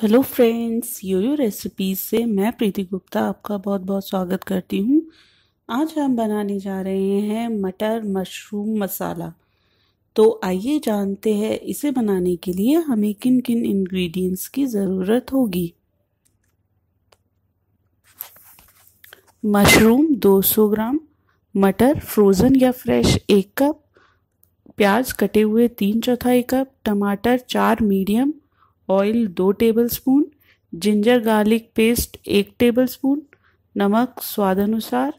Hello friends YoYo recipes से मैं प्रीति गुप्ता आपका बहुत बहुत स्वागत करती हूँ आज हम बनाने जा रहे हैं मटर मशरूम मसाला तो आइए जानते हैं इसे बनाने के लिए हमें किन किन इंग्रेडिएंट्स की ज़रूरत होगी मशरूम 200 ग्राम मटर फ्रोज़न या फ्रेश एक कप प्याज कटे हुए तीन चौथाई कप टमाटर चार मीडियम ऑयल दो टेबलस्पून जिंजर गार्लिक पेस्ट एक टेबलस्पून नमक स्वाद अनुसार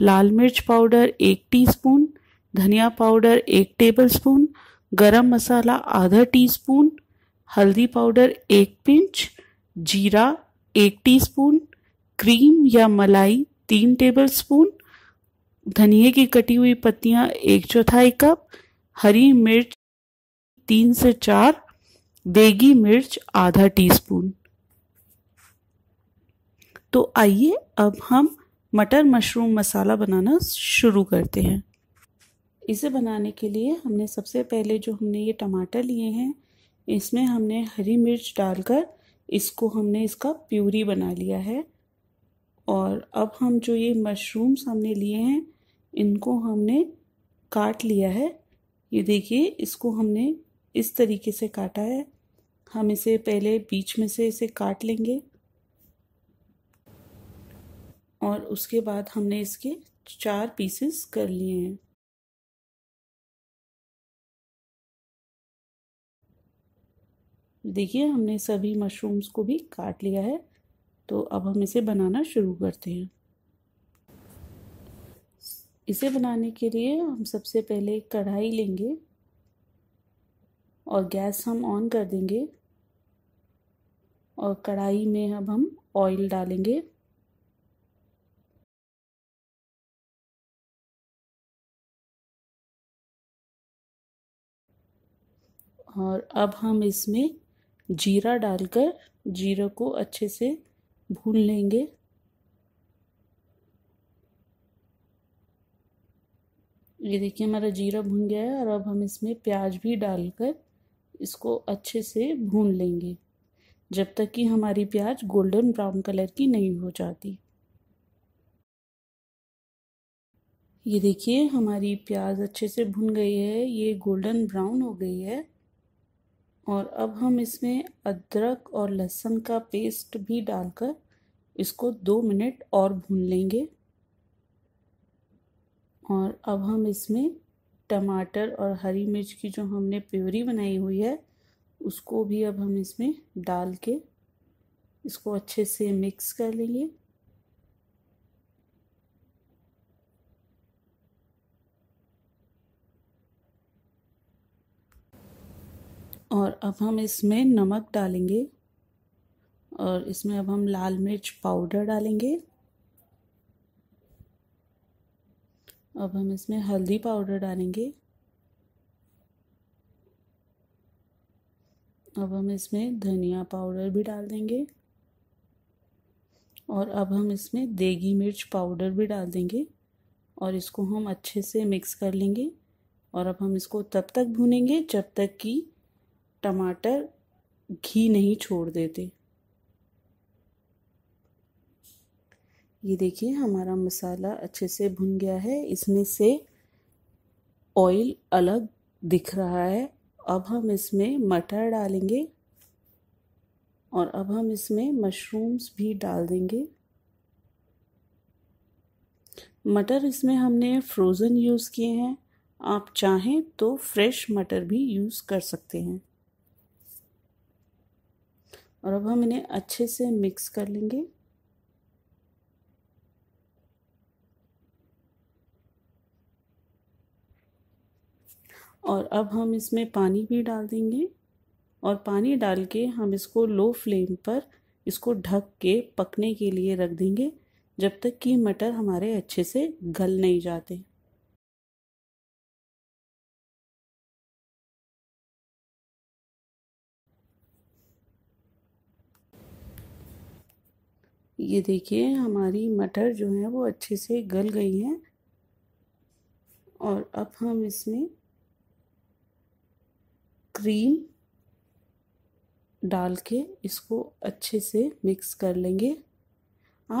लाल मिर्च पाउडर एक टीस्पून धनिया पाउडर एक टेबलस्पून गरम मसाला आधा टीस्पून हल्दी पाउडर एक पिंच जीरा एक टीस्पून क्रीम या मलाई तीन टेबलस्पून धनिए की कटी हुई पत्तियां एक चौथाई कप हरी मिर्च तीन से चार देगी मिर्च आधा टीस्पून तो आइए अब हम मटर मशरूम मसाला बनाना शुरू करते हैं इसे बनाने के लिए हमने सबसे पहले जो हमने ये टमाटर लिए हैं इसमें हमने हरी मिर्च डालकर इसको हमने इसका प्यूरी बना लिया है और अब हम जो ये मशरूम्स हमने लिए हैं इनको हमने काट लिया है ये देखिए इसको हमने इस तरीके से काटा है हम इसे पहले बीच में से इसे काट लेंगे और उसके बाद हमने इसके चार पीसेस कर लिए हैं देखिए हमने सभी मशरूम्स को भी काट लिया है तो अब हम इसे बनाना शुरू करते हैं इसे बनाने के लिए हम सबसे पहले कढ़ाई लेंगे और गैस हम ऑन कर देंगे और कढ़ाई में अब हम ऑयल डालेंगे और अब हम इसमें जीरा डालकर जीरा को अच्छे से भून लेंगे ये देखिए हमारा जीरा भून गया है और अब हम इसमें प्याज भी डालकर इसको अच्छे से भून लेंगे जब तक कि हमारी प्याज गोल्डन ब्राउन कलर की नहीं हो जाती ये देखिए हमारी प्याज अच्छे से भुन गई है ये गोल्डन ब्राउन हो गई है और अब हम इसमें अदरक और लहसुन का पेस्ट भी डालकर इसको दो मिनट और भून लेंगे और अब हम इसमें टमाटर और हरी मिर्च की जो हमने प्योरी बनाई हुई है उसको भी अब हम इसमें डाल के इसको अच्छे से मिक्स कर लेंगे और अब हम इसमें नमक डालेंगे और इसमें अब हम लाल मिर्च पाउडर डालेंगे अब हम इसमें हल्दी पाउडर डालेंगे अब हम इसमें धनिया पाउडर भी डाल देंगे और अब हम इसमें देगी मिर्च पाउडर भी डाल देंगे और इसको हम अच्छे से मिक्स कर लेंगे और अब हम इसको तब तक भूनेंगे जब तक कि टमाटर घी नहीं छोड़ देते ये देखिए हमारा मसाला अच्छे से भुन गया है इसमें से ऑयल अलग दिख रहा है अब हम इसमें मटर डालेंगे और अब हम इसमें मशरूम्स भी डाल देंगे मटर इसमें हमने फ्रोज़न यूज़ किए हैं आप चाहें तो फ्रेश मटर भी यूज़ कर सकते हैं और अब हम इन्हें अच्छे से मिक्स कर लेंगे और अब हम इसमें पानी भी डाल देंगे और पानी डाल के हम इसको लो फ्लेम पर इसको ढक के पकने के लिए रख देंगे जब तक कि मटर हमारे अच्छे से गल नहीं जाते ये देखिए हमारी मटर जो है वो अच्छे से गल गई हैं और अब हम इसमें क्रीम डाल के इसको अच्छे से मिक्स कर लेंगे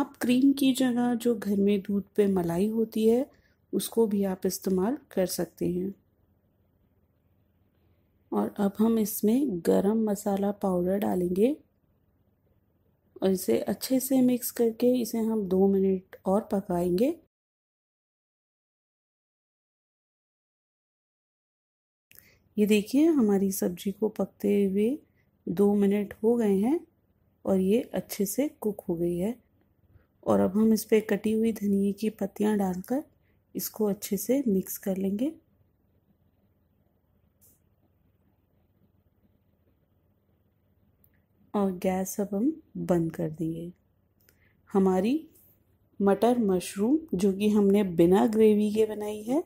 आप क्रीम की जगह जो घर में दूध पे मलाई होती है उसको भी आप इस्तेमाल कर सकते हैं और अब हम इसमें गरम मसाला पाउडर डालेंगे और इसे अच्छे से मिक्स करके इसे हम दो मिनट और पकाएंगे ये देखिए हमारी सब्जी को पकते हुए दो मिनट हो गए हैं और ये अच्छे से कुक हो गई है और अब हम इस पर कटी हुई धनिए की पत्तियाँ डालकर इसको अच्छे से मिक्स कर लेंगे और गैस अब हम बंद कर देंगे हमारी मटर मशरूम जो कि हमने बिना ग्रेवी के बनाई है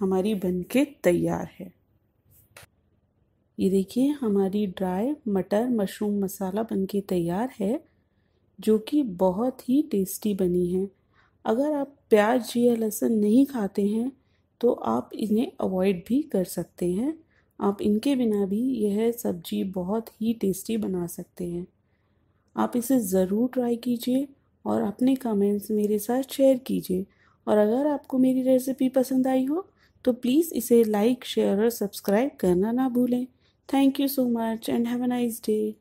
हमारी बनके तैयार है ये देखिए हमारी ड्राई मटर मशरूम मसाला बनके तैयार है जो कि बहुत ही टेस्टी बनी है अगर आप प्याज या लहसुन नहीं खाते हैं तो आप इन्हें अवॉइड भी कर सकते हैं आप इनके बिना भी यह सब्जी बहुत ही टेस्टी बना सकते हैं आप इसे ज़रूर ट्राई कीजिए और अपने कमेंट्स मेरे साथ शेयर कीजिए और अगर आपको मेरी रेसिपी पसंद आई हो तो प्लीज़ इसे लाइक शेयर और सब्सक्राइब करना ना भूलें Thank you so much and have a nice day.